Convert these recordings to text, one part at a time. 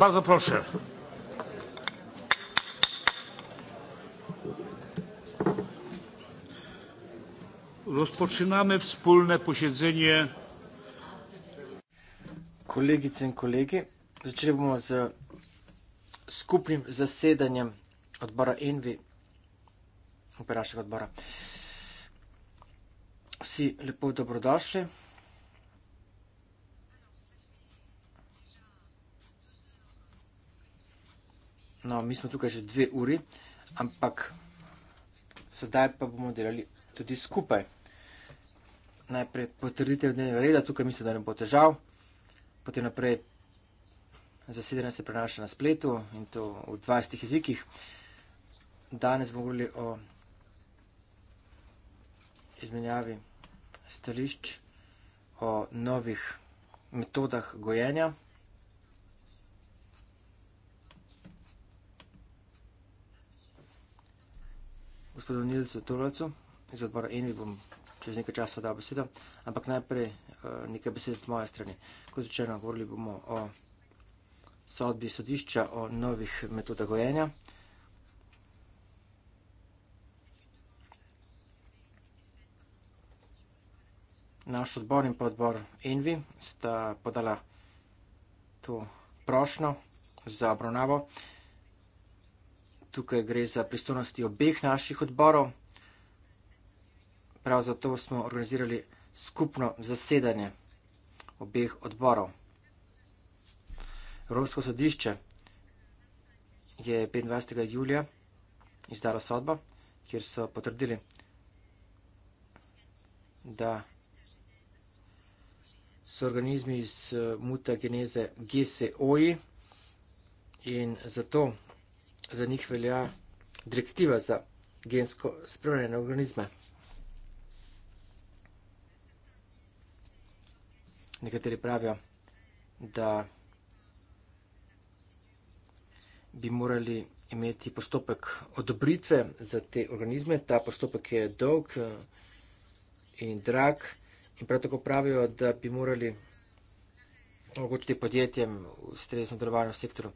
Bardzo proszę. Rozpoczynamy wspólne posiedzenie. Kolegice i kolegi, zaczynamy z skupnym zasiedaniem odbora Envy, operacyjnego odbora. Wszyscy lepo dobrodoszli. No, mi smo tukaj že dve uri, ampak sedaj pa bomo delali tudi skupaj. Najprej potrditev dnevnega reda, tukaj mislim, da ne bo težav. Potem naprej zasedanje se prenaša na spletu in to v 20 jezikih. Danes bomo govorili o izmenjavi stališč, o novih metodah gojenja. gospodu Nilcu Torlacu, iz odbora Envi bom čez nekaj časa dal besedo, ampak najprej eh, nekaj besed z moje strani. Kot rečeno, govorili bomo o sodbi sodišča, o novih metodah gojenja. Naš odbor in podbor Envi sta podala to prošno za obravnavo tukaj gre za pristojnosti obeh naših odborov. Prav zato smo organizirali skupno zasedanje obeh odborov. Evropsko sodišče je 25. julija izdalo sodbo, kjer so potrdili, da so organizmi iz eh, mutageneze GSOI in zato za njih velja direktiva za gensko spremenjene organizme. Nekateri pravijo, da bi morali imeti postopek odobritve za te organizme. Ta postopek je dolg eh, in drag in prav tako pravijo, da bi morali omogočiti podjetjem v stresnem delovanju sektorju.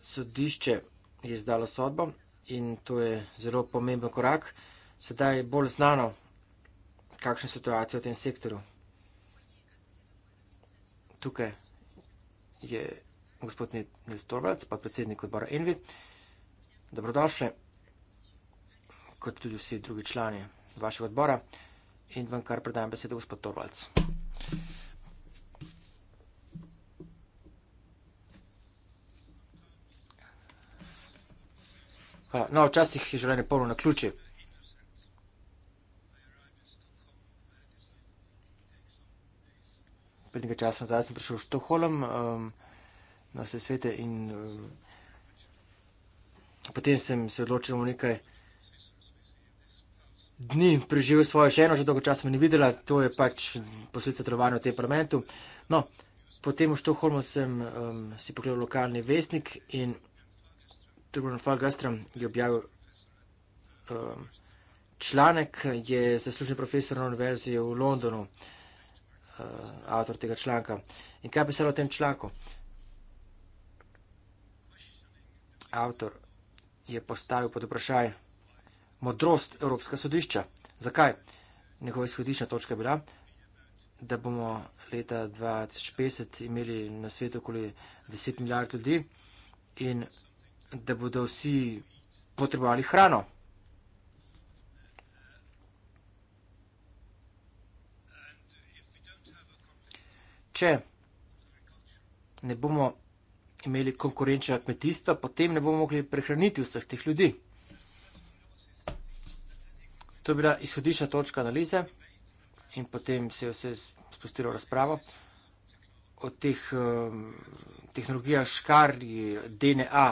Sodišče je izdala sodbo in to je zelo pomemben korak. Sedaj je bolj znano, kakšna je situacija v tem sektorju. Tukaj je gospod Nils Torvalc, podpredsednik odbora Envi. Dobrodošli, kot tudi vsi drugi člani vašega odbora. In vam kar predajam besedo, gospod Torvalc. Hvala. No, včasih je življenje polno na ključi. Pred nekaj časa nazaj sem prišel v Štoholm um, na vse svete in um, potem sem se odločil v nekaj dni preživel svojo ženo, že dolgo časa me ni videla, to je pač posledica trovanja v tem parlamentu. No, potem v Štoholmu sem um, si pogledal lokalni vestnik in Tribunal Falgastra je objavil um, članek, je zaslužen profesor na univerzi v Londonu, uh, avtor tega članka. In kaj je pisalo o tem članku? Avtor je postavil pod vprašaj modrost Evropska sodišča. Zakaj? Njegova izhodišna točka je bila, da bomo leta 2050 imeli na svetu okoli 10 milijard ljudi in da bodo vsi potrebovali hrano. Če ne bomo imeli konkurenčnega kmetijstva, potem ne bomo mogli prehraniti vseh teh ljudi. To je bila izhodišna točka analize in potem se je vse spustilo v razpravo o teh um, tehnologijah škarji DNA.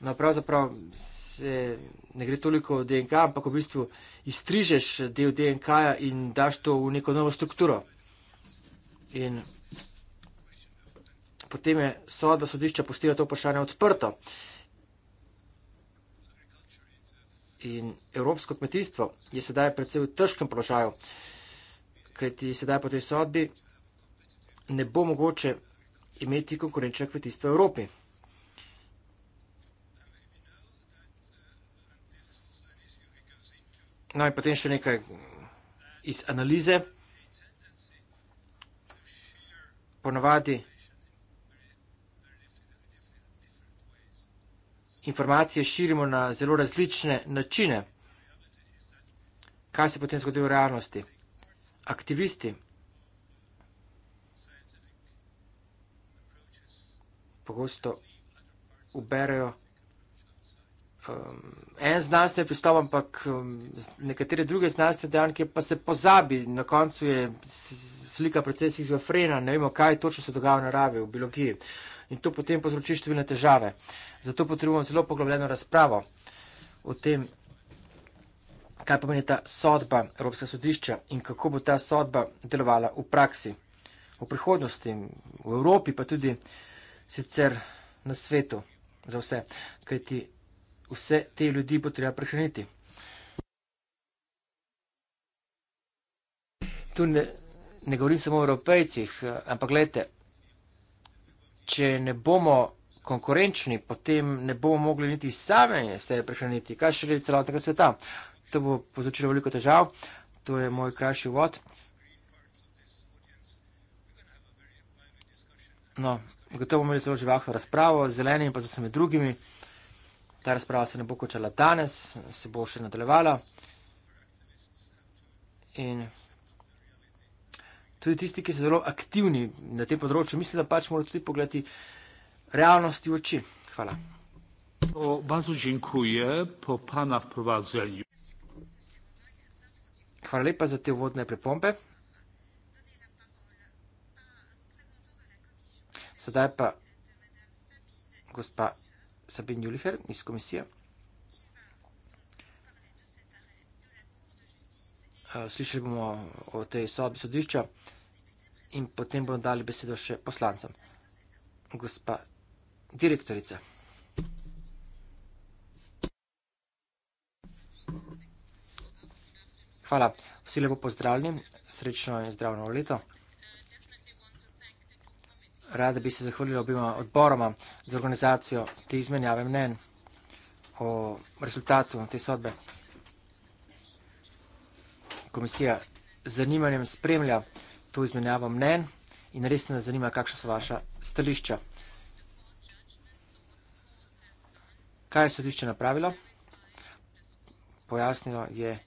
No, pravzaprav se ne gre toliko o DNK, ampak v bistvu iztrižeš del DNK-ja in daš to v neko novo strukturo. In potem je sodba sodišča postila to vprašanje odprto. In evropsko kmetijstvo je sedaj predvsej v težkem položaju, kajti sedaj po tej sodbi ne bo mogoče imeti konkurenčnega kmetijstva v Evropi. No in potem še nekaj iz analize. Ponovadi informacije širimo na zelo različne načine. Kaj se potem zgodi v realnosti? Aktivisti pogosto uberajo informacije um, en znanstven pristop, ampak um, nekatere druge znanstvene dejanke pa se pozabi. Na koncu je slika precej schizofrena, ne vemo, kaj točno se dogaja v naravi, v biologiji. In to potem povzroči številne težave. Zato potrebujemo zelo poglobljeno razpravo o tem, kaj pomeni ta sodba Evropske sodišča in kako bo ta sodba delovala v praksi, v prihodnosti, v Evropi, pa tudi sicer na svetu za vse. Kajti vse te ljudi bo treba prehraniti. Tu ne, ne govorim samo o evropejcih, eh, ampak gledajte, če ne bomo konkurenčni, potem ne bomo mogli niti sami se prehraniti, kaj še reči celotnega sveta. To bo povzročilo veliko težav, to je moj krajši uvod. No, gotovo bomo imeli zelo živahno razpravo z zelenimi in pa z vsemi drugimi. Ta razprava se ne bo končala danes, se bo še nadaljevala. In tudi tisti, ki so zelo aktivni na tem področju, mislim, da pač morajo tudi pogledati realnosti v oči. Hvala. O, bazo džinkuje, po pana vprovazanju. Hvala lepa za te uvodne pripombe. Sedaj pa gospa Sabine Julifer, Nice Commissia. Eh, slišali bomo o tej sodbi sodišča in potem bomo dali besedo še poslancem. Gospa direktorica. Hvala. Vsi lepo pozdravljeni. Srečno in zdravno leto rada bi se zahvalila obima odboroma za organizacijo te izmenjave mnen o rezultatu te sodbe. Komisija z zanimanjem spremlja to izmenjavo mnen in res ne zanima, kakšna so vaša stališča. Kaj je sodišče napravilo? Pojasnilo je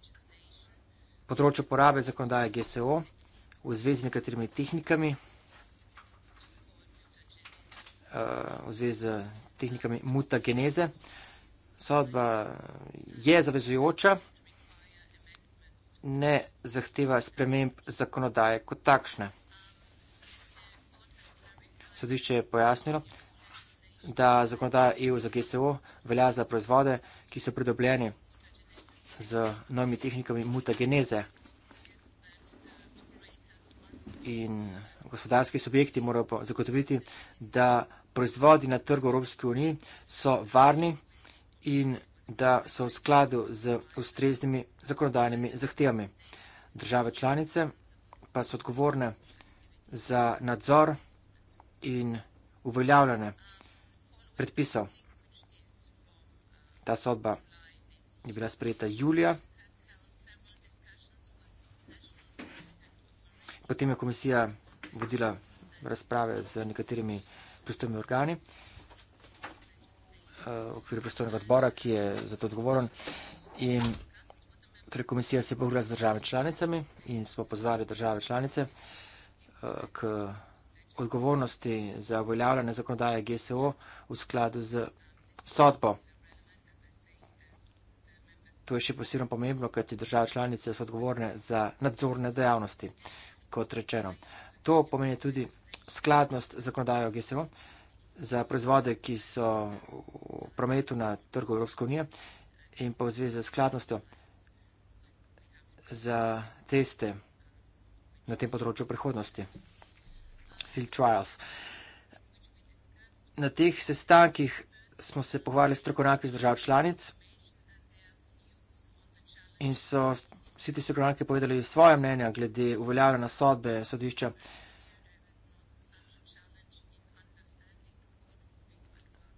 področje porabe zakonodaje GSO v zvezi z nekaterimi tehnikami, v zvezi z tehnikami mutageneze. Sodba je zavezujoča, ne zahteva sprememb zakonodaje kot takšne. Sodišče je pojasnilo, da zakonodaja EU za GSO velja za proizvode, ki so pridobljeni z novimi tehnikami mutageneze. In gospodarski subjekti morajo zagotoviti, da proizvodi na trgu Evropske unije so varni in da so v skladu z ustreznimi zakonodajnimi zahtevami. Države članice pa so odgovorne za nadzor in uveljavljanje predpisov. Ta sodba je bila sprejeta julija. Potem je komisija vodila razprave z nekaterimi državami, pristojnimi organi, eh, v okviru pristojnega odbora, ki je za to odgovoren. In torej komisija se je pogovarjala z državami članicami in smo pozvali države članice eh, k odgovornosti za uveljavljanje zakonodaje GSO v skladu z sodbo. To je še posebno pomembno, kajti države članice so odgovorne za nadzorne dejavnosti, kot rečeno. To pomeni tudi skladnost zakonodajo GSO za proizvode, ki so v prometu na trgu Evropske unije in pa v zvezi z skladnostjo za teste na tem področju prihodnosti. Field trials. Na teh sestankih smo se pogovarjali s strokovnjaki z držav članic in so vsi ti strokovnjaki povedali svoje mnenja glede uveljavljanja sodbe sodišča.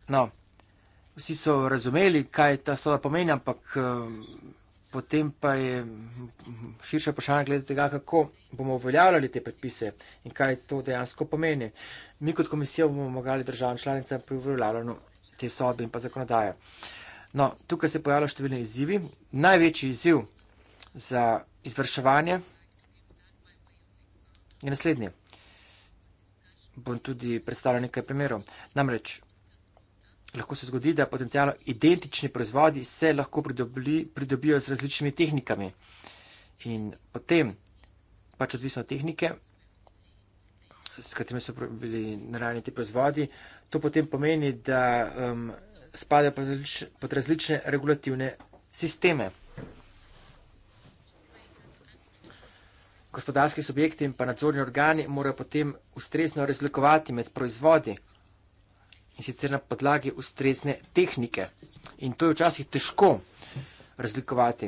No, vsi so razumeli, kaj ta soda pomeni, ampak eh, potem pa je širša vprašanja glede tega, kako bomo uveljavljali te predpise in kaj to dejansko pomeni. Mi kot komisija bomo mogli državam članicam pri uveljavljanju te sodbe in pa zakonodaje. No, tukaj se pojavljajo številne izzivi. Največji izziv za izvrševanje je naslednji. Bom tudi predstavljal nekaj primerov. Namreč lahko se zgodi, da potencijalno identični proizvodi se lahko pridobli, pridobijo z različnimi tehnikami. In potem, pač odvisno od tehnike, s katerimi so bili narejeni ti proizvodi, to potem pomeni, da um, spadajo pod, različ, pod različne regulativne sisteme. Gospodarski subjekti in pa nadzorni organi morajo potem ustrezno razlikovati med proizvodi, in sicer na podlagi ustrezne tehnike. In to je včasih težko razlikovati.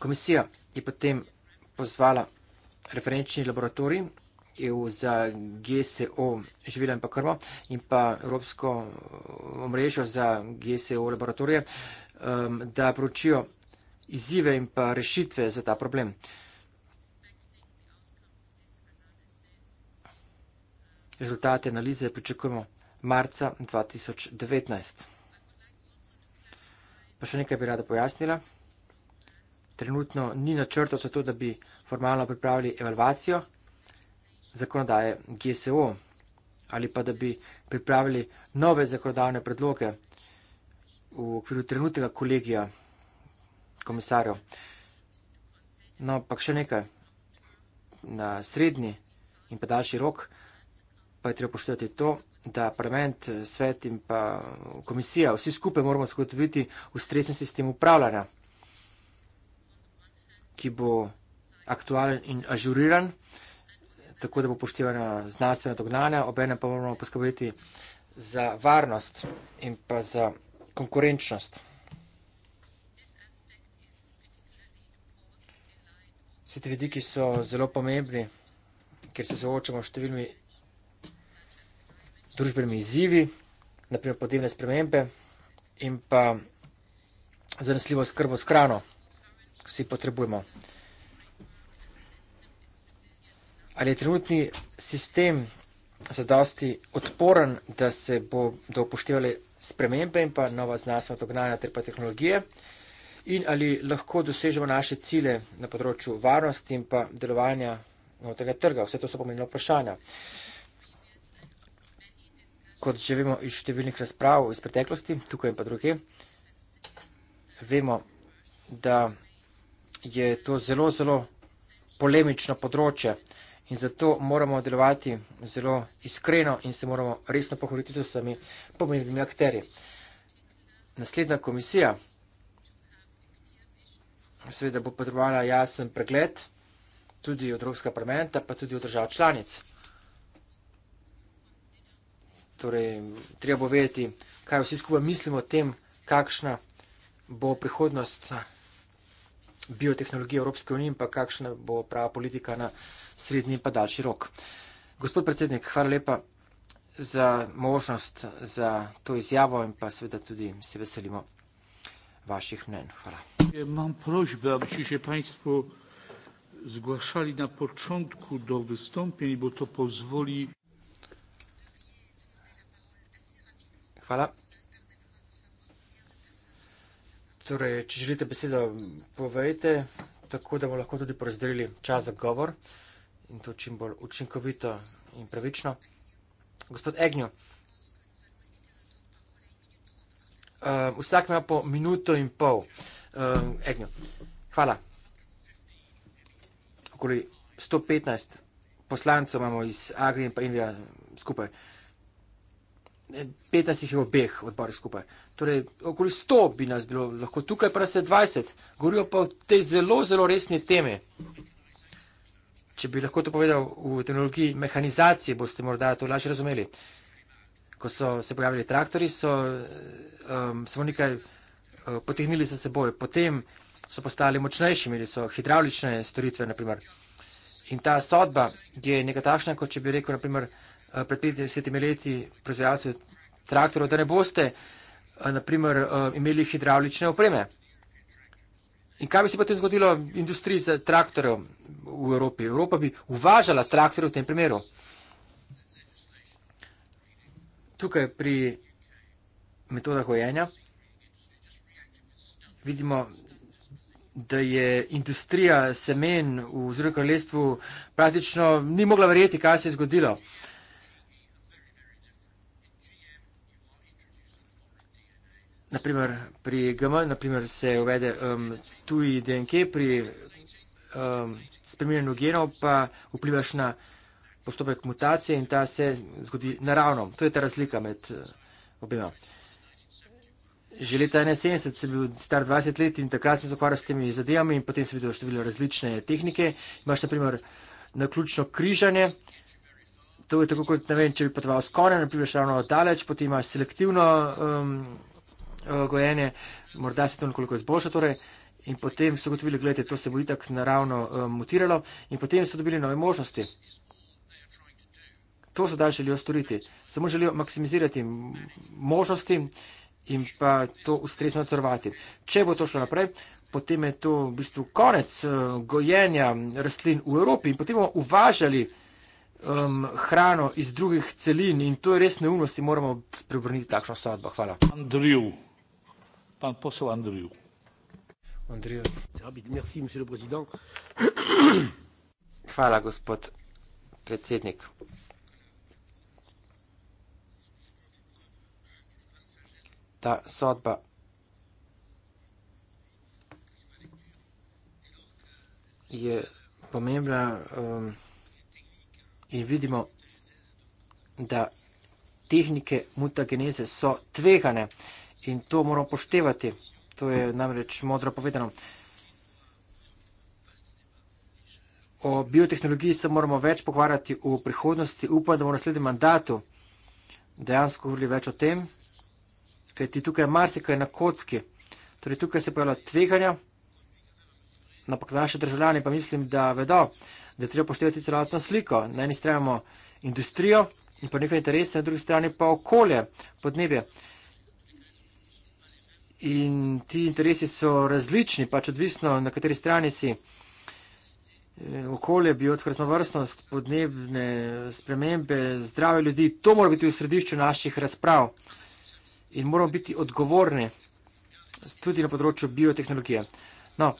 Komisija je potem pozvala referenčni laboratorij EU za GSO živila in pa krmo in pa Evropsko omrežjo za GSO laboratorije, um, da pročijo izzive in pa rešitve za ta problem. Rezultate analize pričakujemo marca 2019. Pa še nekaj bi rada pojasnila. Trenutno ni načrto za to, da bi formalno pripravili evalvacijo zakonodaje GSO ali pa da bi pripravili nove zakonodavne predloge v okviru trenutnega kolegija komisarjev. No, pa še nekaj na srednji in pa daljši rok pa je treba poštevati to, da parlament, svet in pa komisija, vsi skupaj moramo zagotoviti ustresen sistem upravljanja, ki bo aktualen in ažuriran, tako da bo poštevana znanstvena dognanja, obene pa moramo poskrbeti za varnost in pa za konkurenčnost. Vsi ti vidiki so zelo pomembni, ker se soočamo s številnimi družbenimi izzivi, naprimer podnebne spremembe in pa zanesljivo skrbo s hrano, ki vsi potrebujemo. Ali je trenutni sistem zadosti odporen, da se bodo upoštevali spremembe in pa nova znanstva dognanja ter pa tehnologije? In ali lahko dosežemo naše cilje na področju varnosti in pa delovanja notranjega trga? Vse to so pomembne vprašanja. Uh, kot že vemo iz številnih razprav iz preteklosti, tukaj in pa druge, vemo, da je to zelo, zelo polemično področje in zato moramo delovati zelo iskreno in se moramo resno pohvaliti z vsemi pomembnimi akterji. Naslednja komisija seveda bo potrebovala jasen pregled tudi od Evropskega parlamenta, pa tudi od držav članic. Torej, treba bo vedeti, kaj vsi skupaj mislimo o tem, kakšna bo prihodnost biotehnologije Evropske unije in pa kakšna bo prava politika na srednji in pa daljši rok. Gospod predsednik, hvala lepa za možnost, za to izjavo in pa seveda tudi se veselimo vaših mnen. Hvala. Ja, imam prožbe, bi če že panjstvo zglašali na počontku do vstompenja, bo to pozvoli. Hvala. Torej, če želite besedo, povejte, tako da bomo lahko tudi porazdelili čas za govor in to čim bolj učinkovito in pravično. Gospod Egnjo, uh, vsak ima po minuto in pol. Uh, Egnjo, hvala. Okoli 115 poslancev imamo iz Agri in pa Invija skupaj. Uh, 15 jih je v obeh odborih skupaj. Torej, okoli 100 bi nas bilo, lahko tukaj pa se 20, govorijo pa o tej zelo, zelo resni temi. Če bi lahko to povedal v tehnologiji mehanizacije, boste morda to lažje razumeli. Ko so se pojavili traktori, so um, samo nekaj uh, potehnili za seboj, potem so postali močnejši, imeli so hidravlične storitve, naprimer. In ta sodba je nekaj takšna, kot če bi rekel, naprimer, Eh, pred 50 leti proizvajalce traktorov, da ne boste eh, naprimer eh, imeli hidravlične opreme. In kaj bi se potem zgodilo v industriji za traktorov v Evropi? Evropa bi uvažala traktorje v tem primeru. Tukaj pri metodah gojenja vidimo, da je industrija semen v Združenem kraljestvu praktično ni mogla verjeti, kaj se je zgodilo. naprimer, pri GM naprimer, se uvede um, tuji DNK, pri um, spremljanju genov pa vplivaš na postopek mutacije in ta se zgodi naravno. To je ta razlika med uh, obima. Že leta 1971 sem bil star 20 let in takrat sem se ukvarjal s temi zadevami in potem sem videl številne različne tehnike. Imaš naprimer naključno križanje, to je tako kot, ne vem, če bi potoval s konja, naprimer, ravno daleč, potem imaš selektivno um, Eh, gojenje, morda se to nekoliko izboljša. Torej. In potem so gotovili, gledajte, to se bo itak naravno um, mutiralo in potem so dobili nove možnosti. To se da želijo storiti. Samo želijo maksimizirati možnosti in pa to ustrezno nadzorovati. Če bo to šlo naprej, potem je to v bistvu konec uh, gojenja rastlin v Evropi in potem bomo uvažali um, hrano iz drugih celin in to je res neumnost in moramo spreobrniti takšno sodbo. Hvala. Andriu. Pan poseł Andriu. Andriu. Merci, monsieur le président. Hvala, gospod predsednik. Ta sodba je pomembna um, in vidimo, da tehnike mutagenese so tvegane. In to moramo poštevati, to je namreč modro povedano. O biotehnologiji se moramo več pokvarjati v prihodnosti, upam, da bomo v naslednjem mandatu dejansko govorili več o tem, ker ti tukaj marsikaj na kocki, torej tukaj se pojavlja tveganja, napak naše državljani pa mislim, da vedo, da treba poštevati celotno sliko, na eni strani imamo industrijo in pa nekaj interese, na drugi strani pa okolje, podnebje in ti interesi so različni, pač odvisno, na kateri strani si. E, okolje, biotska raznovrstnost, podnebne spremembe, zdrave ljudi, to mora biti v središču naših razprav in moramo biti odgovorni tudi na področju biotehnologije. No,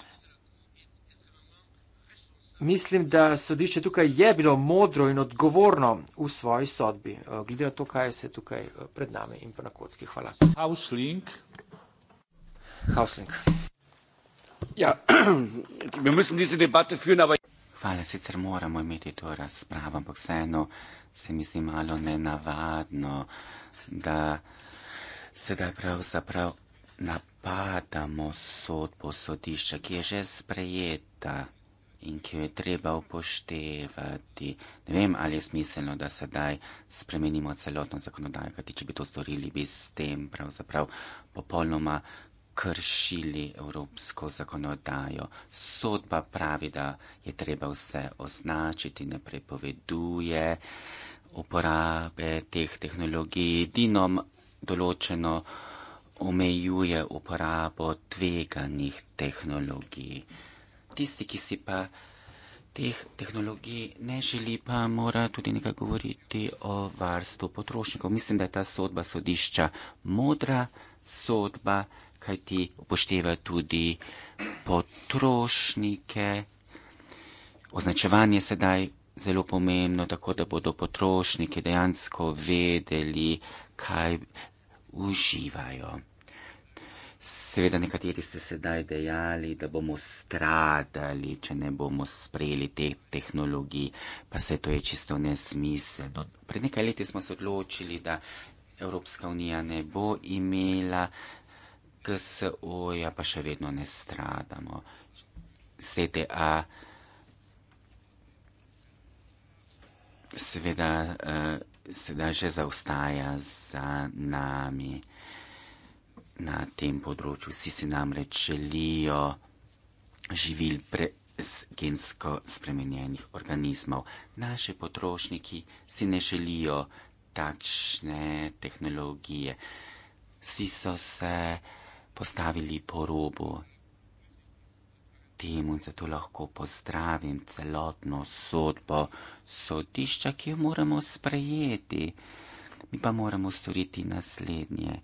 mislim, da sodišče tukaj je bilo modro in odgovorno v svoji sodbi, e, glede na to, kaj se tukaj e, pred nami in pa na kocki. Hvala. Ja, Hvala, sicer moramo imeti to razpravo, ampak vseeno se mi zdi malo nenavadno, da sedaj pravzaprav napadamo sodbo sodišča, ki je že sprejeta in ki jo je treba upoštevati. Ne vem, ali je smiselno, da sedaj spremenimo celotno zakonodajo, kajti če bi to storili, bi s tem pravzaprav popolnoma kršili evropsko zakonodajo. Sodba pravi, da je treba vse označiti, ne prepoveduje uporabe teh tehnologij, edino določeno omejuje uporabo tveganih tehnologij. Tisti, ki si pa teh tehnologij ne želi, pa mora tudi nekaj govoriti o varstvu potrošnikov. Mislim, da je ta sodba sodišča modra, sodba kajti upošteva tudi potrošnike. Označevanje sedaj je zelo pomembno, tako da bodo potrošniki dejansko vedeli, kaj uživajo. Seveda, nekateri ste sedaj dejali, da bomo stradali, če ne bomo sprejeli te tehnologije, pa se to je čisto nesmiselno. Pred nekaj leti smo se odločili, da Evropska unija ne bo imela GSO-ja pa še vedno ne stradamo. CTA, seveda, eh, seveda že zaostaja za nami na tem področju. Vsi si namreč želijo živil brez gensko spremenjenih organizmov. Naši potrošniki si ne želijo takšne tehnologije. Vsi so se postavili po robu. Temu zato lahko pozdravim celotno sodbo sodišča, ki jo moramo sprejeti. Mi pa moramo storiti naslednje.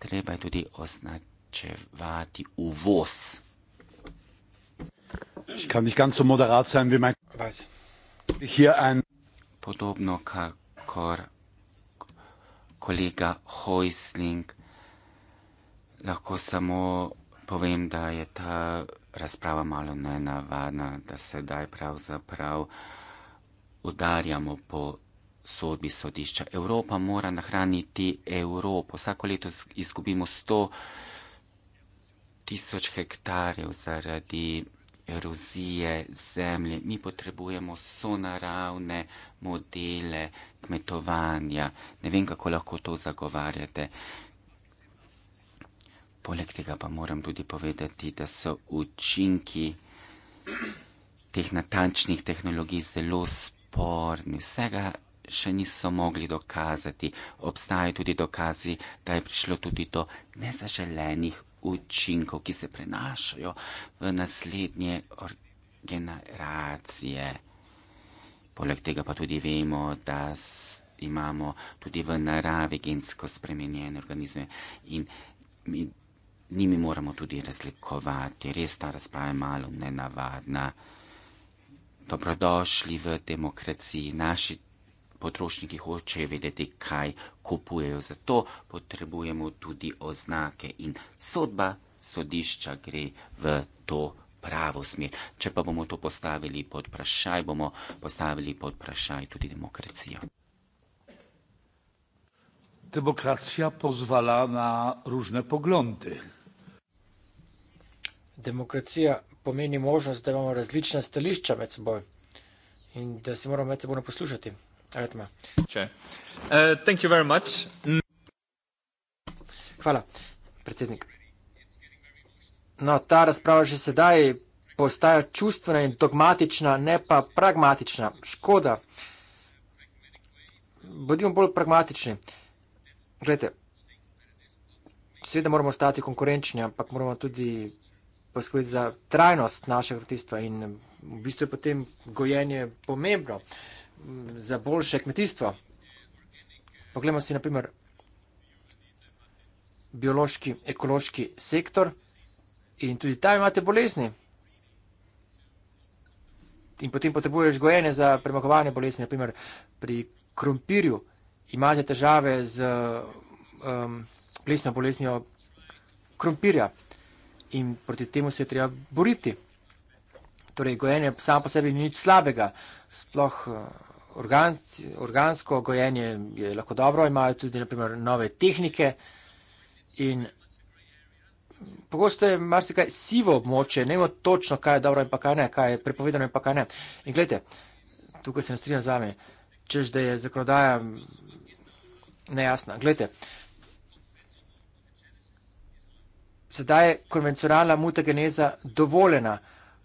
Treba je tudi označevati uvoz. Podobno, kakor kolega Hojsling Lahko samo povem, da je ta razprava malo nenavadna, da se daj pravzaprav udarjamo po sodbi sodišča. Evropa mora nahraniti Evropo. Vsako leto izgubimo 100 tisoč hektarjev zaradi erozije zemlje. Mi potrebujemo sonaravne modele kmetovanja. Ne vem, kako lahko to zagovarjate. Poleg tega pa moram tudi povedati, da so učinki teh natančnih tehnologij zelo sporni. Vsega še niso mogli dokazati. Obstajajo tudi dokazi, da je prišlo tudi do nezaželenih učinkov, ki se prenašajo v naslednje generacije. Poleg tega pa tudi vemo, da imamo tudi v naravi gensko spremenjene organizme in mi njimi moramo tudi razlikovati. Res ta razprava je malo nenavadna. Dobrodošli v demokraciji. Naši potrošniki hočejo vedeti, kaj kupujejo. Zato potrebujemo tudi oznake in sodba sodišča gre v to pravo smer. Če pa bomo to postavili pod vprašaj, bomo postavili pod vprašaj tudi demokracijo demokracja pozwala na różne poglądy. Demokracija pomeni možnost, da imamo različna stališča med seboj in da se moramo med seboj poslušati. Redma. Sure. Uh, thank you very much. Hvala, predsednik. No, ta razprava že sedaj postaja čustvena in dogmatična, ne pa pragmatična. Škoda. Bodimo bolj pragmatični. Uh, Glede, seveda moramo ostati konkurenčni, ampak moramo tudi poskrbeti za trajnost našega kmetijstva in v bistvu je potem gojenje pomembno mm, za boljše kmetijstvo. Poglejmo si naprimer biološki, ekološki sektor in tudi tam imate bolezni. In potem potrebuješ gojenje za premagovanje bolezni, naprimer pri krompirju imate težave z um, plesno bolesnjo krompirja in proti temu se je treba boriti. Torej, gojenje samo po sebi ni nič slabega, sploh uh, organsk, organsko gojenje je lahko dobro, imajo tudi naprimer nove tehnike in pogosto je marsikaj sivo območje, ne vemo točno, kaj je dobro in pa kaj ne, kaj je prepovedano in pa kaj ne. In gledajte, tukaj se ne strinjam z vami, čež da je zakonodaja nejasna. Glejte, sedaj je konvencionalna mutageneza dovoljena.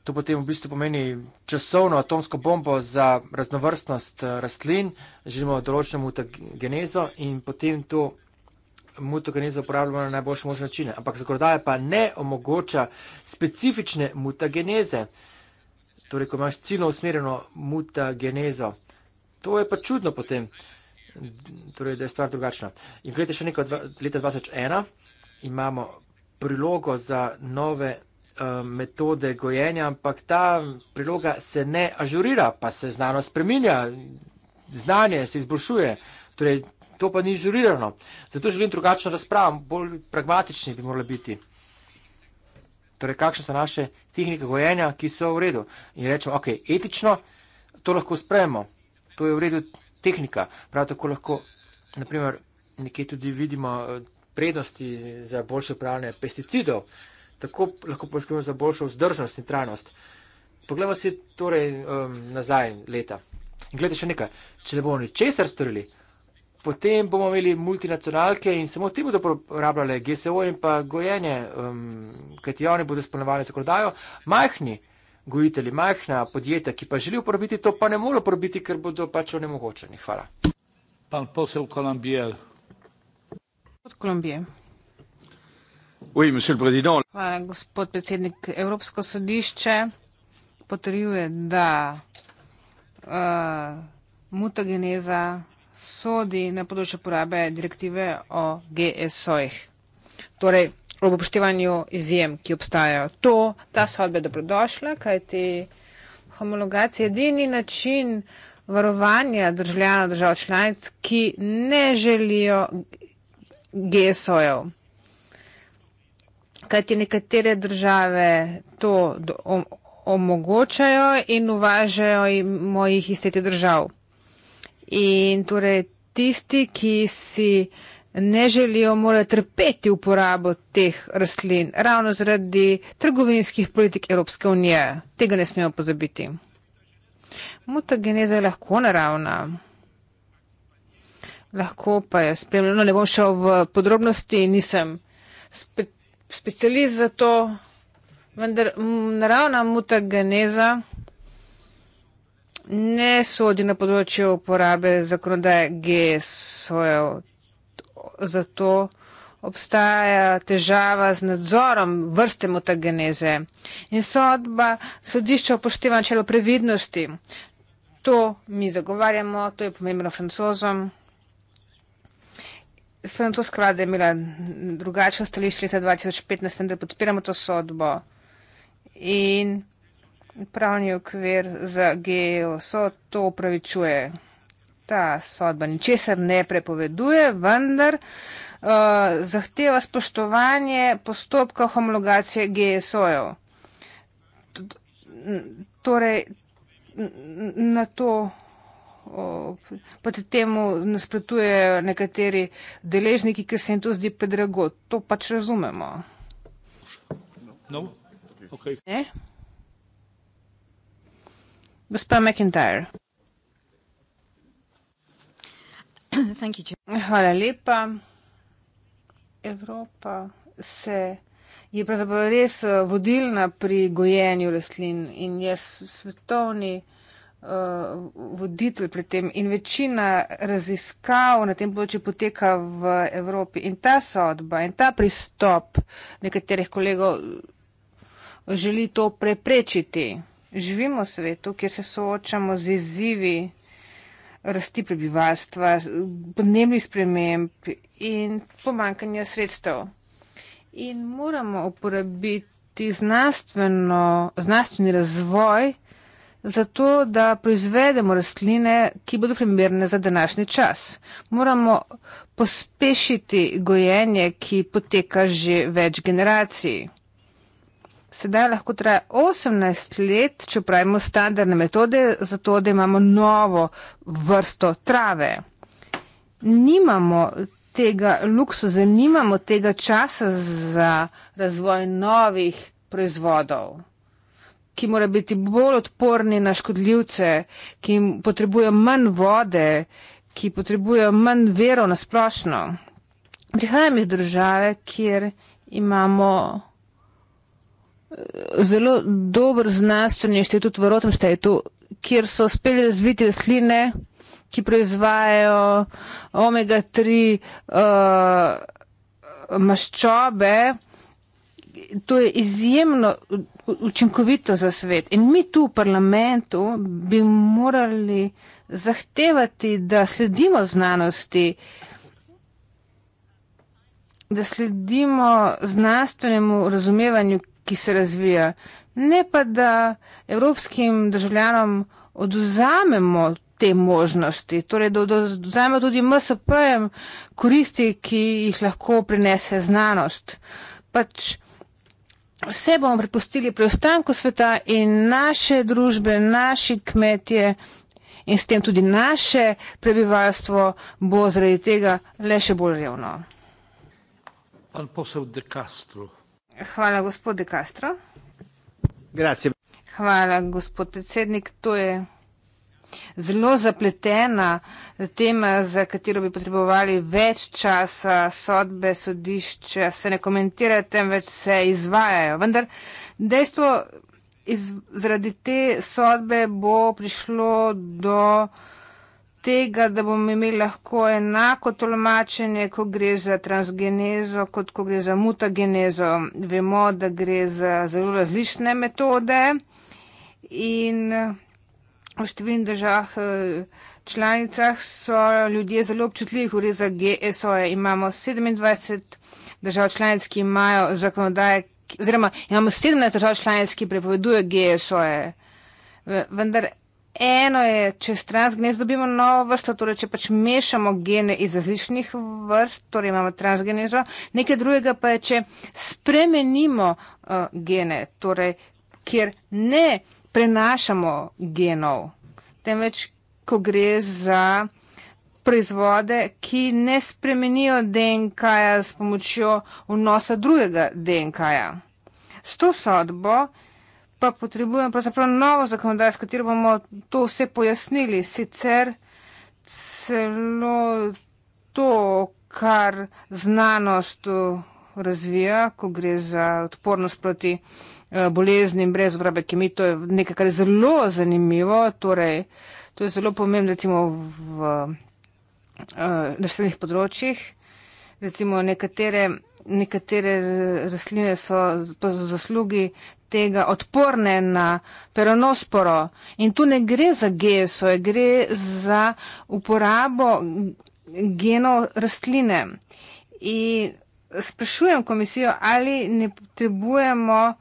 To potem v bistvu pomeni časovno atomsko bombo za raznovrstnost eh, rastlin, želimo določeno mutagenezo in potem to mutagenezo uporabljamo na najboljši možen način. Ampak zakonodaja pa ne omogoča specifične mutageneze, torej ko imaš ciljno usmerjeno mutagenezo. To je pa čudno potem. Uh, torej, da je stvar drugačna. In gledajte, še nekaj od leta 2001 imamo prilogo za nove uh, metode gojenja, ampak ta priloga se ne ažurira, pa se znanost spreminja, znanje se izboljšuje. Torej, to pa ni žurirano. Zato želim drugačno razpravo, bolj pragmatični bi morali biti. Torej, kakšne so naše tehnike gojenja, ki so v redu. In rečemo, ok, etično to lahko spremo. To je v redu tehnika. Prav tako lahko naprimer, nekje tudi vidimo eh, prednosti za boljše upravljanje pesticidov, tako lahko poskrbimo za boljšo vzdržnost in trajnost. Poglejmo si torej um, nazaj leta. In gledajte še nekaj, če ne bomo ničesar storili, potem bomo imeli multinacionalke in samo ti bodo uporabljali GSO in pa gojenje, um, kajti oni bodo spolnovali zakonodajo, majhni gojitelji majhna podjetja, ki pa želijo porabiti to, pa ne morejo porabiti, ker bodo pač onemogočeni. Hvala. Pan posel Kolumbije. Od Kolumbije. Oui, gospod predsednik, Evropsko sodišče potrjuje, da uh, mutageneza sodi na področju porabe direktive o GSO-jih. Torej, ob upoštevanju izjem, ki obstajajo. To, ta sodba je dobrodošla, kajti homologacija je edini način varovanja državljanov držav članic, ki ne želijo GSO-jev. Kajti nekatere države to omogočajo in uvažajo mojih iz tete držav. In torej tisti, ki si ne želijo, morajo trpeti uporabo teh rastlin, ravno zaradi trgovinskih politik Evropske unije. Tega ne smemo pozabiti. Mutageneza je lahko naravna. Lahko pa je spremljeno, no, ne bom šel v podrobnosti, nisem spe, specialist za to, vendar naravna mutageneza ne sodi na področju uporabe zakonodaje GSO-jev zato obstaja težava z nadzorom vrste mutageneze. In sodba sodišča upošteva načelo previdnosti. To mi zagovarjamo, to je pomembno francozom. Francoska vlada je imela drugačno stališče leta 2015, vendar podpiramo to sodbo in pravni okvir za GEO so to upravičuje ta sodba ničesar ne prepoveduje, vendar uh, zahteva spoštovanje postopka homologacije GSO-jev. Torej, na to pod temu nasprotujejo nekateri deležniki, ker se jim to zdi predrago. To pač razumemo. No. Okay. Gospa McIntyre. Hvala lepa. Evropa se je pravzaprav res eh, vodilna pri gojenju rastlin in je svetovni uh, voditelj pri tem. In večina raziskav na tem področju poteka v Evropi. In ta sodba in ta pristop nekaterih kolegov eh, želi to preprečiti. Živimo v svetu, kjer se soočamo z izzivi rasti prebivalstva, podnebnih sprememb in pomankanja sredstev. In moramo uporabiti znanstveni razvoj za to, da proizvedemo rastline, ki bodo primerne za današnji čas. Moramo pospešiti gojenje, ki poteka že več generacij. Sedaj lahko traja 18 let, če pravimo standardne metode, zato da imamo novo vrsto trave. Nimamo tega luksuza, nimamo tega časa za razvoj novih proizvodov, ki mora biti bolj odporni na škodljivce, ki potrebujo manj vode, ki potrebujo manj vero na splošno. Prihajam iz države, kjer imamo zelo dober znanstveni inštitut v Rotemstedtu, kjer so uspeli razviti rastline, ki proizvajajo omega-3 uh, eh, maščobe. To je izjemno učinkovito za svet. In mi tu v parlamentu bi morali zahtevati, da sledimo znanosti, da sledimo znanstvenemu razumevanju, ki se razvija. Ne pa, da evropskim državljanom oduzamemo te možnosti, torej da oduzamemo tudi MSP-jem koristi, ki jih lahko prinese znanost. Pač vse bomo prepustili preostanku sveta in naše družbe, naši kmetje in s tem tudi naše prebivalstvo bo zaradi tega le še bolj revno. Pan posel De Castro. Hvala, gospod De Castro. Grazie. Hvala, gospod predsednik. To je zelo zapletena tema, za katero bi potrebovali več časa sodbe, sodišče, se ne komentira, temveč se izvajajo. Vendar dejstvo iz, zaradi te sodbe bo prišlo do tega, da bomo imeli lahko enako tolmačenje, ko gre za transgenezo, kot ko gre za mutagenezo. Vemo, da gre za zelo različne metode in v številnih državah članicah so ljudje zelo občutljivi, ko gre za GSO-je. Imamo 27 držav članic, ki imajo zakonodaje, oziroma imamo 17 držav članic, ki prepovedujejo GSO-je. Vendar Eno je, če trans genes dobimo novo vrsto, torej če pač mešamo gene iz različnih vrst, torej imamo transgenezo, nekaj drugega pa je, če spremenimo uh, gene, torej kjer ne prenašamo genov, temveč ko gre za proizvode, ki ne spremenijo DNK-ja s pomočjo vnosa drugega DNK-ja. S to sodbo pa potrebujemo pravzaprav novo zakonodajo, s katero bomo to vse pojasnili. Sicer celo to, kar znanost uh, razvija, ko gre za odpornost proti uh, boleznim brez obrabe kemije, to je nekaj, kar je zelo zanimivo. Torej, to je zelo pomembno, recimo v uh, naravnih področjih. Recimo nekatere, nekatere rastline so po zaslugi tega odporne na peronosporo. In tu ne gre za geso, gre za uporabo geno rastline. In sprašujem komisijo, ali ne potrebujemo eh,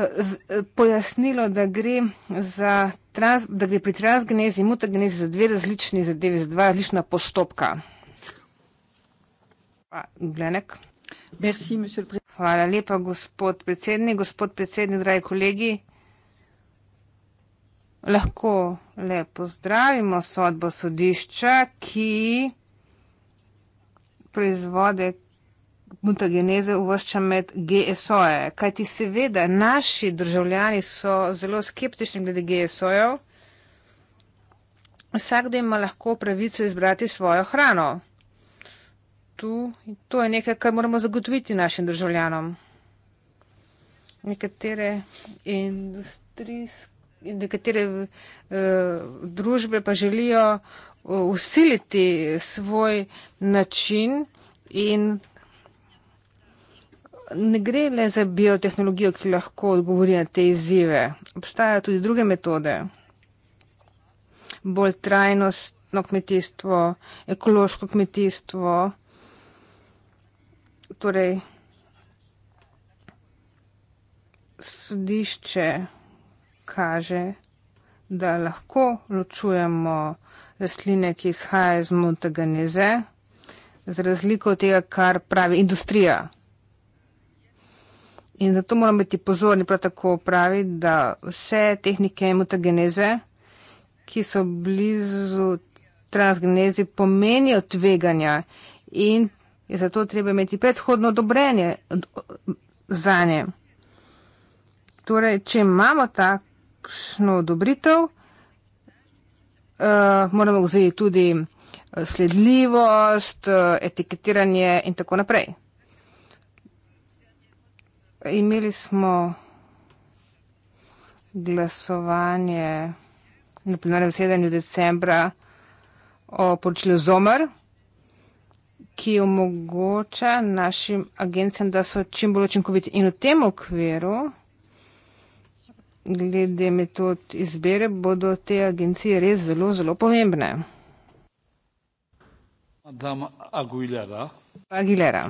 eh, pojasnilo, da gre, za trans, da gre pri transgenezi in mutagenezi za dve različni zadevi, za dva različna postopka. Pa, Glenek. Merci, Hvala lepa, gospod predsednik. Gospod predsednik, dragi kolegi, lahko le pozdravimo sodbo sodišča, ki proizvode mutageneze uvršča med GSO-je. Kajti seveda, naši državljani so zelo skeptični glede GSO-jev. Vsakdo ima lahko pravico izbrati svojo hrano tu. To je nekaj, kar moramo zagotoviti našim državljanom. Nekatere industrijske. Nekatere uh, družbe pa želijo eh, usiliti svoj način in ne gre le za biotehnologijo, ki lahko odgovori na te izzive. Obstajajo tudi druge metode, bolj trajnostno kmetijstvo, ekološko kmetijstvo torej, sodišče kaže, da lahko ločujemo rastline, ki izhajajo iz mutageneze, z razliko od tega, kar pravi industrija. In zato moramo biti pozorni, prav tako pravi, da vse tehnike mutageneze, ki so blizu transgenezi, pomenijo tveganja in je zato treba imeti predhodno odobrenje za nje. Torej, če imamo takšno odobritev, uh, moramo vzeti tudi eh, sledljivost, uh, etiketiranje in tako naprej. Imeli smo glasovanje na plenarnem zasedanju decembra o poročilu Zomer ki omogoča našim agencijam, da so čim bolj učinkoviti. In v tem okviru, glede metod izbere, bodo te agencije res zelo, zelo pomembne. Madame Aguilera. Aguilera.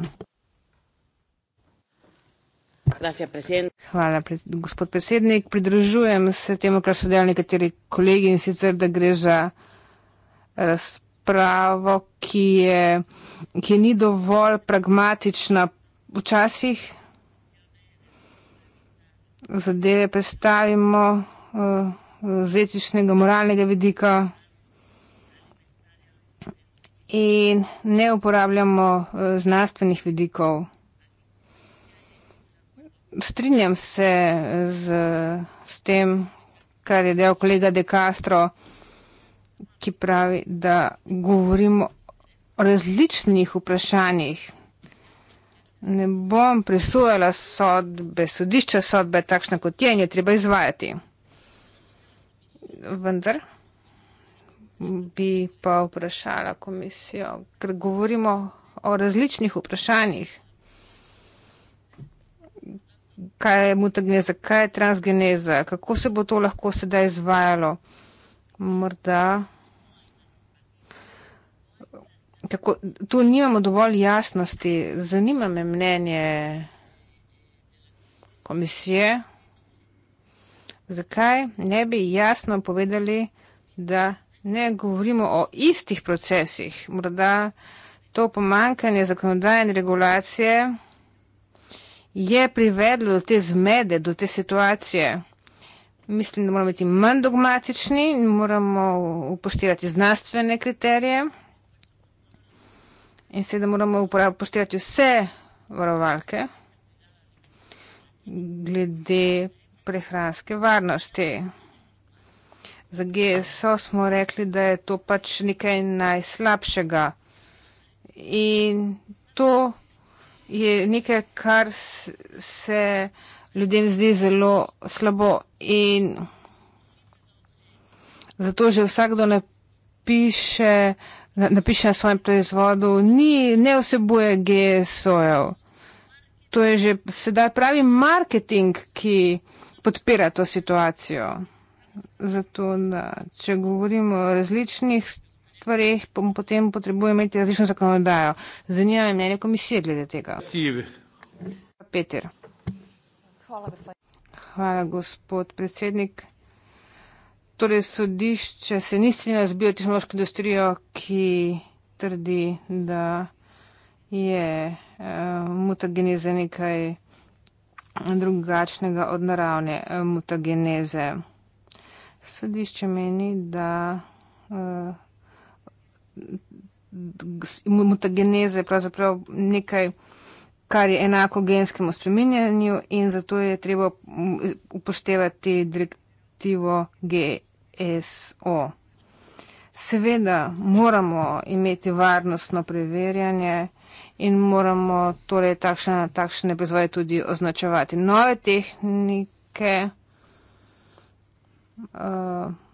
Hvala, gospod predsednik. Pridružujem se temu, kar so delali nekateri kolegi in sicer, da gre za raz, eh, pravo, ki, je, ki ni dovolj pragmatična včasih. Zadeve predstavimo uh, eh, z etičnega, moralnega vidika in ne uporabljamo uh, znanstvenih vidikov. Strinjam se z, z tem, kar je del kolega De Castro ki pravi, da govorimo o različnih vprašanjih. Ne bom presujala sodbe, sodišča sodbe, takšna kot je, in jo treba izvajati. Vendar bi pa vprašala komisijo, ker govorimo o različnih vprašanjih. Kaj je mutageneza, kaj je transgeneza, kako se bo to lahko sedaj izvajalo? Morda tako, tu nimamo dovolj jasnosti. Zanima me mnenje komisije, zakaj ne bi jasno povedali, da ne govorimo o istih procesih. Morda to pomankanje zakonodaje in regulacije je privedlo do te zmede, do te situacije. Mislim, da moramo biti manj dogmatični in moramo upoštevati znanstvene kriterije. In seveda moramo upoštevati vse varovalke glede prehranske varnosti. Za GSO smo rekli, da je to pač nekaj najslabšega. In to je nekaj, kar se ljudem zdi zelo slabo. In zato že vsakdo ne piše uh, napiše na svojem proizvodu, ni, ne vsebuje GSO-jev. To je že sedaj pravi marketing, ki podpira to situacijo. Zato, da če govorimo o različnih stvareh, potem potrebujemo imeti različno zakonodajo. Zanima me mnenje komisije glede tega. Peter. Hvala, gospod predsednik. Torej, sodišče se ni strinjalo z biotehnološko industrijo, ki trdi, da je uh, mutageneza nekaj drugačnega od naravne uh, mutageneze. Sodišče meni, da uh, mutageneza je pravzaprav nekaj kar je enako genskemu spreminjanju in zato je treba mm, upoštevati direktive direktivo GSO. Seveda moramo imeti varnostno preverjanje in moramo torej takšne, takšne proizvode tudi označevati. Nove tehnike uh,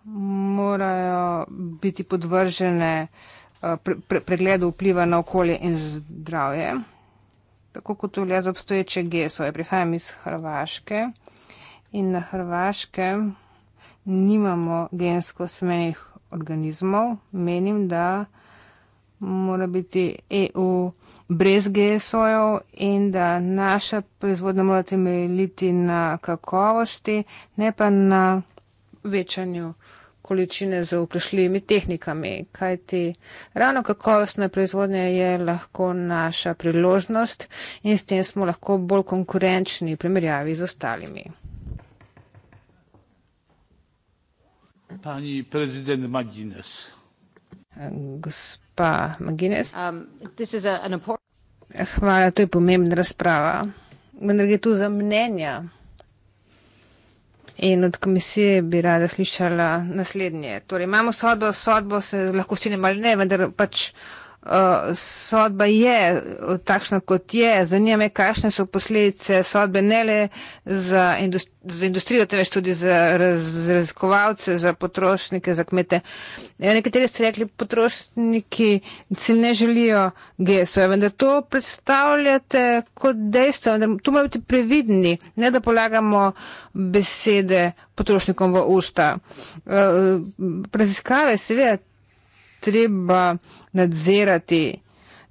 morajo biti podvržene uh, pre, pre, pregledu vpliva na okolje in zdravje, tako kot velja za obstoječe GSO. Prihajam iz Hrvaške in na Hrvaškem nimamo gensko spremenjenih organizmov, menim, da mora biti EU brez GSO-jev in da naša proizvodnja mora temeljiti na kakovosti, ne pa na večanju količine z vprašljivimi tehnikami, kajti ravno kakovostna proizvodnja je lahko naša priložnost in s tem smo lahko bolj konkurenčni v primerjavi z ostalimi. pani prezident Magines. Gospa Magines. Um, Hvala, to je pomembna razprava. Vendar je tu za mnenja. In od komisije bi rada slišala naslednje. Torej, imamo sodbo, sodbo se lahko strinjamo ali ne, vendar pač sodba je takšna, kot je, zanima me, kakšne so posledice sodbe ne le za, indust za industrijo, temveč tudi za raz raziskovalce, za potrošnike, za kmete. Ja, nekateri ste rekli, potrošniki si ne želijo GSO, ja, vendar to predstavljate kot dejstvo, vendar tu moramo biti previdni, ne da polagamo besede potrošnikom v usta. Eh, raziskave, seveda, treba nadzirati.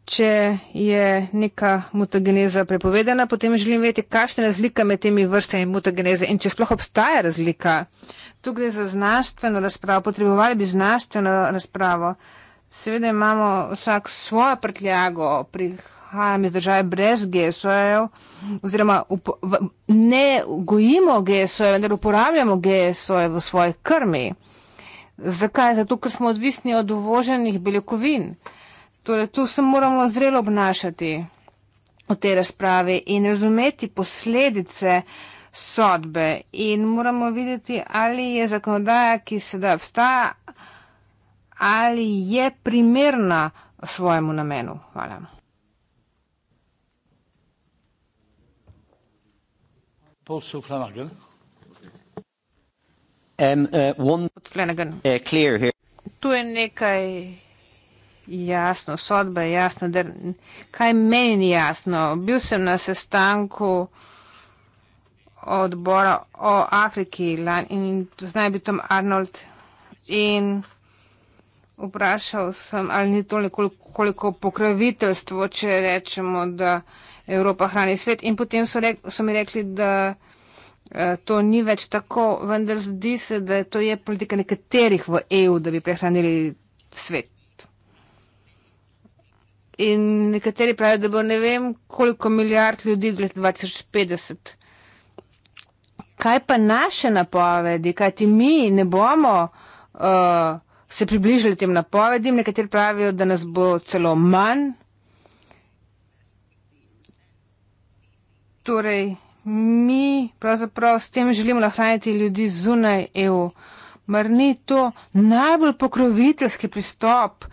Če je neka mutageneza prepovedana, potem želim vedeti, kakšna je razlika med temi vrstami mutageneze in če sploh obstaja razlika. Tu gre za znanstveno razpravo, potrebovali bi znanstveno razpravo. Seveda imamo vsak svojo prtljago, prihajam iz države brez GSO-jev, oziroma ne gojimo GSO-jev, vendar uporabljamo GSO-je v svoji krmi. Zakaj? Zato, ker smo odvisni od uvoženih beljakovin. Torej, tu se moramo zrelo obnašati v tej razpravi in razumeti posledice sodbe in moramo videti, ali je zakonodaja, ki sedaj obstaja, ali je primerna svojemu namenu. Hvala. Paul Souflamagel. Kot uh, Flanagan. Uh, tu je nekaj jasno, sodba je jasna, da kaj meni ni jasno. Bil sem na sestanku odbora o Afriki lan, in to znaj bi Tom Arnold in vprašal sem, ali ni to nekoliko koliko pokraviteljstvo, če rečemo, da Evropa hrani svet. In potem so, rek, so mi rekli, da. Eh, to ni več tako, vendar zdi se, da to je politika nekaterih v EU, da bi prehranili svet. In nekateri pravijo, da bo ne vem, koliko milijard ljudi do leta 2050. Kaj pa naše napovedi, kaj ti mi ne bomo uh, se približili tem napovedim, nekateri pravijo, da nas bo celo manj. Torej, mi pravzaprav s tem želimo ohraniti ljudi zunaj EU. Mar ni to najbolj pokroviteljski pristop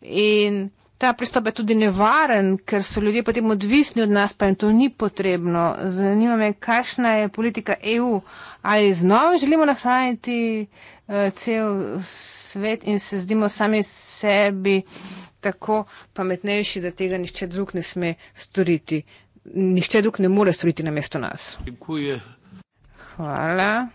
in ta pristop je tudi nevaren, ker so ljudje potem odvisni od nas, pa jim to ni potrebno. Zanima me, kakšna je politika EU. Ali znova želimo nahraniti uh, cel svet in se zdimo sami sebi tako pametnejši, da tega nišče drug ne sme storiti nihče drug ne more storiti na mesto nas. Hvala.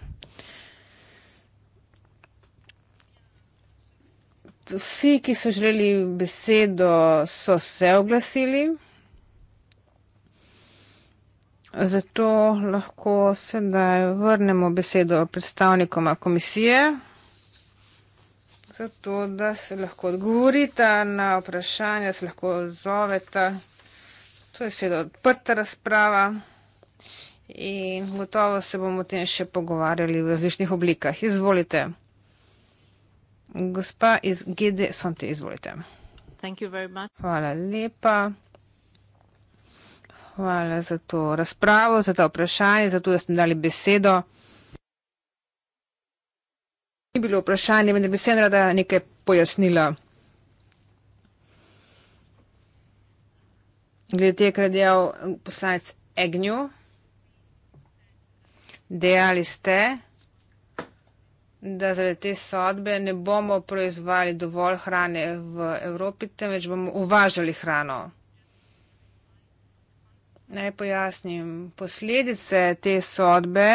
Vsi, ki so želeli besedo, so se oglasili. Zato lahko sedaj vrnemo besedo predstavnikoma komisije, zato da se lahko odgovorita na vprašanja, se lahko zoveta. To je seveda odprta razprava in gotovo se bomo o tem še pogovarjali v različnih oblikah. Izvolite. Gospa iz GD Sonte, izvolite. Hvala lepa. Hvala za to razpravo, za ta vprašanje, za to, da ste mi dali besedo. Ni bilo vprašanje, vendar bi se rada nekaj pojasnila. glede tega, kar je dejal eh, poslanec Egnjo, dejali ste, da zaradi te sodbe ne bomo proizvali dovolj hrane v Evropi, temveč bomo uvažali hrano. Naj pojasnim, posledice te sodbe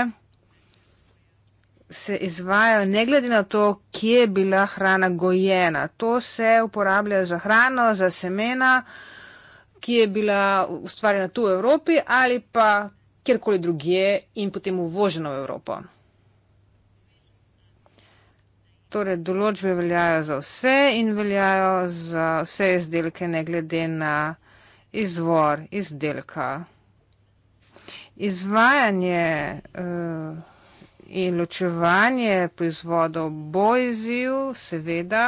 se izvajajo ne glede na to, kje je bila hrana gojena. To se uporablja za hrano, za semena, uh, ki je bila ustvarjena tu v Evropi ali pa kjerkoli drugje in potem uvožena v Evropo. Torej, določbe veljajo za vse in veljajo za vse izdelke, ne glede na izvor izdelka. Izvajanje uh, in ločevanje proizvodov bo izziv, seveda.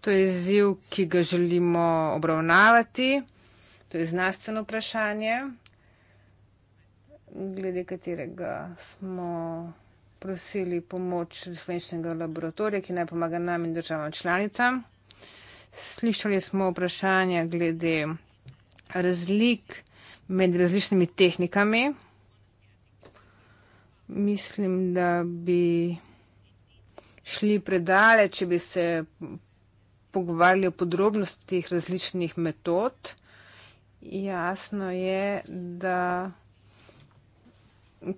To je izziv, ki ga želimo obravnavati. To je znanstveno vprašanje, glede katerega smo prosili pomoč slovenskega laboratorija, ki naj pomaga nam in državam članicam. Slišali smo vprašanja glede razlik med različnimi tehnikami. Mislim, da bi šli predale, če bi se pogovarjali o podrobnostih različnih metod. Jasno je, da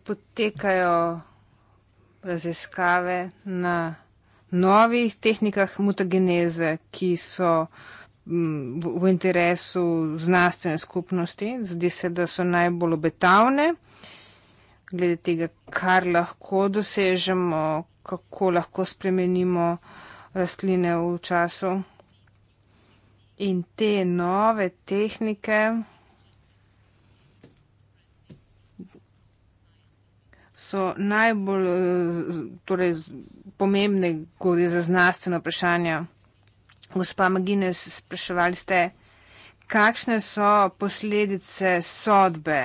potekajo raziskave na novih tehnikah mutageneze, ki so mm, v interesu znanstvene skupnosti. Zdi se, da so najbolj obetavne, glede tega, kar lahko dosežemo, kako lahko spremenimo rastline v času in te nove tehnike so najbolj torej, pomembne, ko je za znanstveno vprašanje. Gospa Maginez, spraševali ste, kakšne so posledice sodbe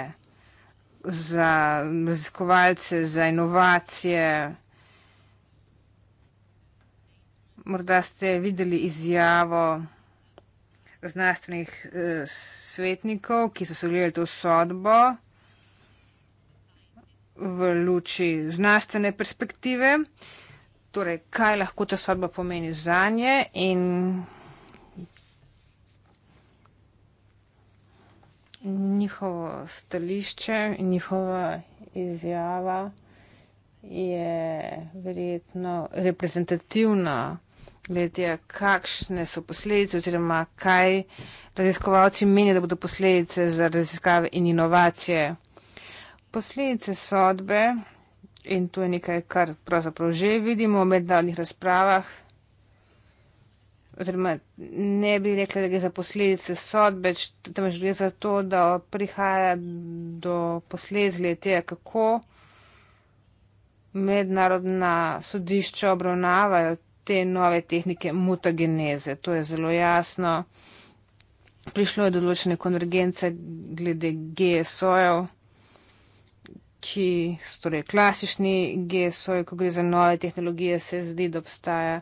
za raziskovalce, za inovacije? Morda ste videli izjavo znanstvenih e, svetnikov, ki so se gledali to sodbo v luči znanstvene perspektive, torej kaj lahko ta sodba pomeni za nje in njihovo stališče in njihova izjava je verjetno reprezentativna glede kakšne so posledice oziroma kaj raziskovalci menijo, da bodo posledice za raziskave in inovacije. Posledice sodbe in to je nekaj, kar pravzaprav že vidimo v mednarodnih razpravah. Oziroma, ne bi rekla, da gre za posledice sodbe, temveč gre za to, da prihaja do posledic glede tega, kako mednarodna sodišča obravnavajo te nove tehnike mutageneze. To je zelo jasno. Prišlo je določene konvergence glede GSO-jev, ki so torej klasični GSO-ji, ko gre za nove tehnologije, se zdi, da obstaja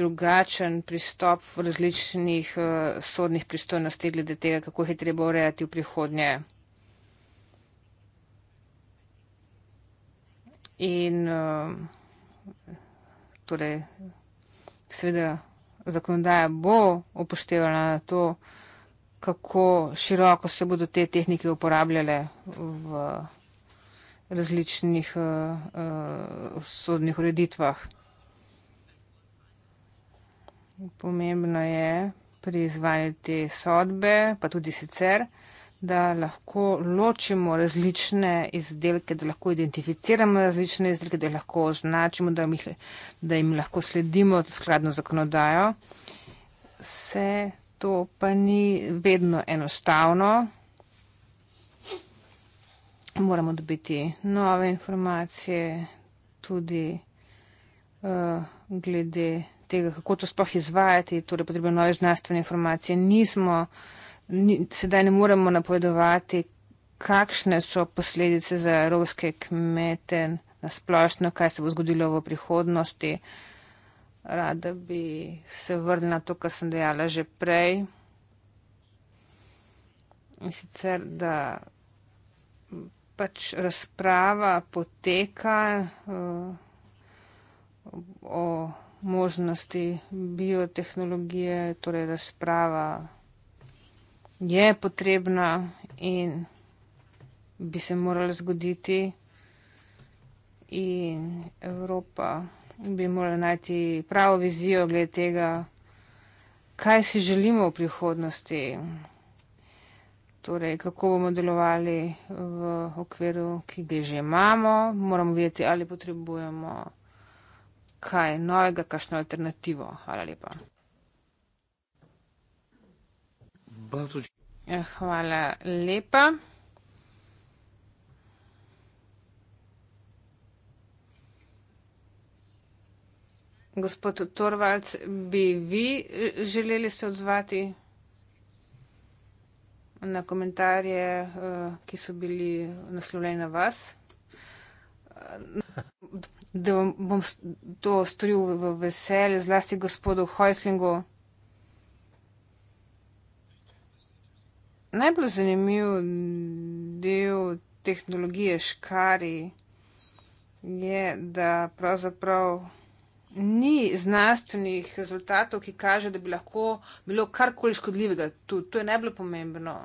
drugačen pristop v različnih uh, sodnih pristojnosti glede tega, kako jih je treba urejati v prihodnje. In uh, torej seveda zakonodaja bo upoštevala to, kako široko se bodo te tehnike uporabljale v različnih uh, uh, sodnih ureditvah. Pomembno je pri izvajanju te sodbe, pa tudi sicer, uh, da lahko ločimo različne izdelke, da lahko identificiramo različne izdelke, da jih lahko označimo, da jim, da jim lahko sledimo skladno zakonodajo. Vse to pa ni vedno enostavno. Moramo dobiti nove informacije tudi uh, glede tega, kako to sploh izvajati, torej potrebno nove znanstvene informacije. Nismo uh, ni, sedaj ne moremo napovedovati, kakšne so posledice za evropske kmete na splošno, kaj se bo zgodilo v prihodnosti. Rada bi se vrnila to, kar sem dejala že prej. In sicer, da pač razprava poteka uh, o možnosti biotehnologije, torej razprava je potrebna in bi se morala zgoditi in Evropa bi morala najti pravo vizijo glede tega, kaj si želimo v prihodnosti, torej kako bomo delovali v okviru, ki ga že imamo, moramo vedeti, ali potrebujemo kaj novega, kakšno alternativo. Hvala lepa. Bardzo dziękuję. Hvala lepa. Gospod Torvalc, bi vi želeli se odzvati na komentarje, eh, ki so bili naslovljeni na vas? Da bom to storil v veselje, zlasti gospodu Hojslingu. najbolj zanimiv del tehnologije škari je, da pravzaprav ni znanstvenih rezultatov, ki kaže, da bi lahko bilo karkoli škodljivega tu. To je najbolj pomembno.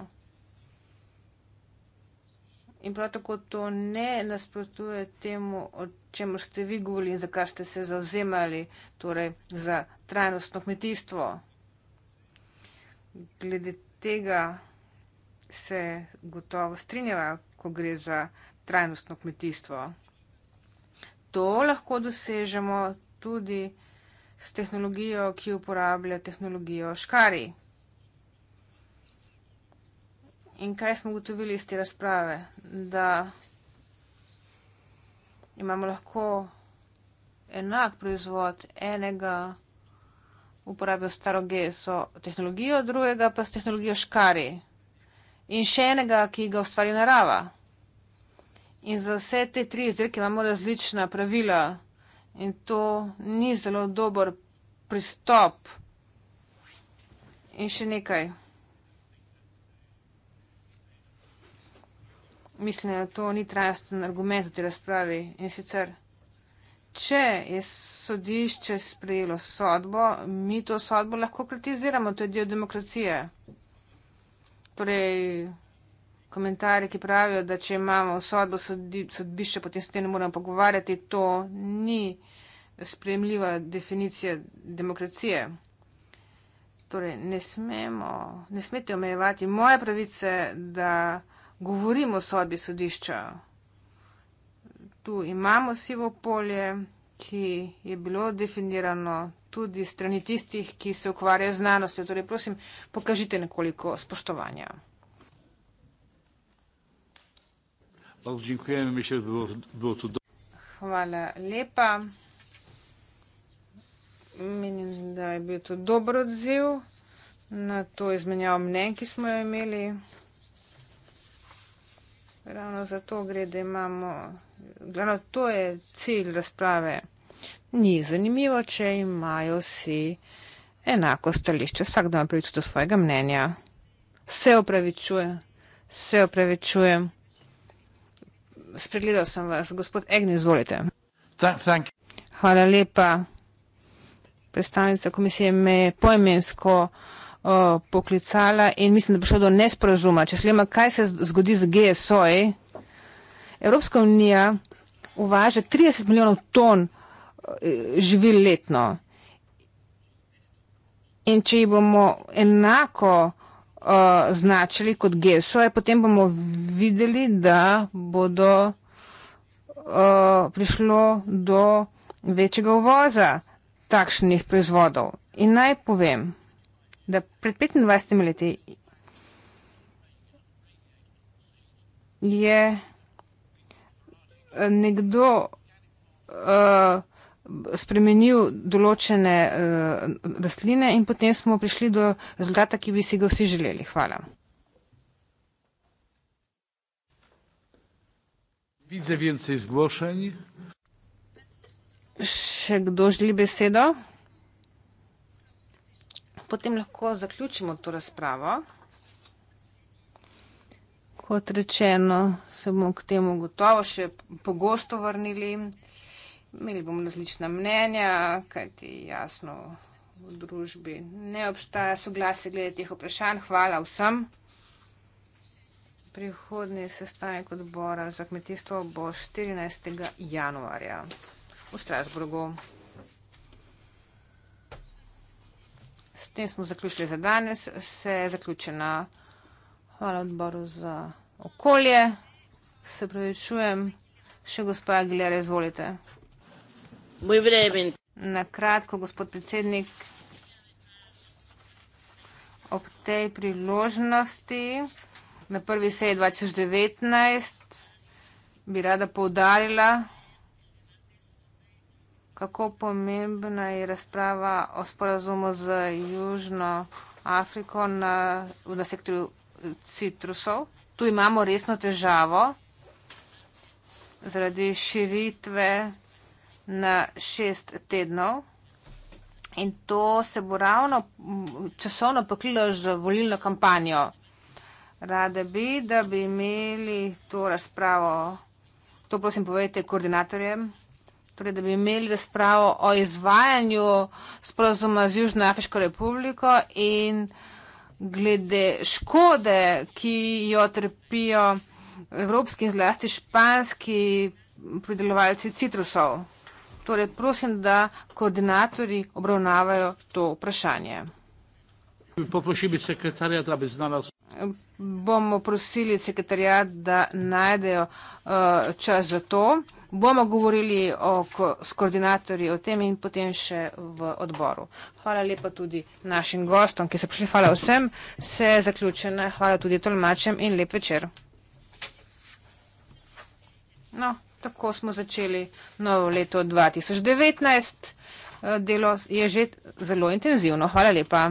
In prav tako to ne nasprotuje temu, o čemer ste vi govorili in za kar ste se zauzemali, torej za trajnostno kmetijstvo. Glede tega se gotovo strinjava, ko gre za trajnostno kmetijstvo. To lahko dosežemo tudi s tehnologijo, ki uporablja tehnologijo škari. In kaj smo ugotovili iz te razprave? Da imamo lahko enak proizvod enega uporabijo staro geso tehnologijo, drugega pa s tehnologijo škari in še enega, ki ga ustvari narava. In za vse te tri izreke imamo različna pravila in to ni zelo dober pristop. In še nekaj. Mislim, da to ni trajnosten argument v tej razpravi. In sicer, če je sodišče sprejelo sodbo, mi to sodbo lahko kritiziramo, to je del demokracije. Torej, komentarji, ki pravijo, da če imamo sodbo sodbišče, potem se te ne moramo pogovarjati, to ni sprejemljiva definicija demokracije. Torej, ne, smemo, ne smete omejevati moje pravice, da govorimo o sodbi sodišča. Tu imamo sivo polje ki je bilo definirano tudi strani tistih, ki se ukvarjajo znanostjo. Torej, prosim, pokažite nekoliko spoštovanja. Hvala lepa. Menim, da je bil to dober odziv na to izmenjavo mnen, ki smo jo imeli. Ravno zato gre, da imamo Glavno, to je cilj razprave. Ni zanimivo, če imajo vsi enako stališče, vsak ima pravico do svojega mnenja. Se opravičujem, se opravičujem. Spregledal sem vas, gospod Egni, izvolite. Thank you. Hvala lepa. Predstavnica komisije me je poimensko uh, poklicala in mislim, da bo šlo do nesporazuma. Če slema, kaj se zgodi z GSO-ji? Evropska unija uvaža 30 milijonov ton eh, živil letno. In če jih bomo enako uh, eh, značili kot geso, potem bomo videli, da bodo uh, prišlo do večjega uvoza takšnih proizvodov. In naj povem, da pred 25 leti je nekdo uh, spremenil določene uh, rastline in potem smo prišli do rezultata, ki bi si ga vsi želeli. Hvala. Vidite vence izboljšanji? Še kdo želi besedo? Potem lahko zaključimo to razpravo kot rečeno, se bomo k temu gotovo še pogosto vrnili. Imeli bomo različna mnenja, kajti jasno v družbi ne obstaja soglasje glede teh vprašanj. Hvala vsem. Prihodnji sestanek odbora za kmetijstvo bo 14. januarja v Strasburgu. S tem smo zaključili za danes. Se je zaključena. Hvala odboru za okolje. Se pravi, čujem. Še gospod Aguilera, izvolite. Moj breben. Na kratko, gospod predsednik, ob tej priložnosti na prvi seji 2019 bi rada poudarila, kako pomembna je razprava o sporazumu z Južno Afriko na, na sektorju citrusov. Tu imamo resno težavo zaradi širitve na šest tednov. In to se bo ravno časovno poklilo z volilno kampanjo. Rade bi, da bi imeli to razpravo, to prosim povedite koordinatorjem, torej da bi imeli razpravo o izvajanju sporozuma z Južno Afriško republiko in uh, glede škode, ki jo trpijo evropski in zlasti španski pridelovalci citrusov. Torej, prosim, da koordinatori obravnavajo to vprašanje. Poprosili sekretarja, da bi znala. Bomo prosili sekretarja, da najdejo uh, čas za to bomo govorili o, s koordinatorji o tem in potem še v odboru. Hvala lepa tudi našim gostom, ki so prišli. Hvala vsem. Se je zaključena. Hvala tudi tolmačem in lep večer. No, tako smo začeli novo leto 2019. Delo je že zelo intenzivno. Hvala lepa.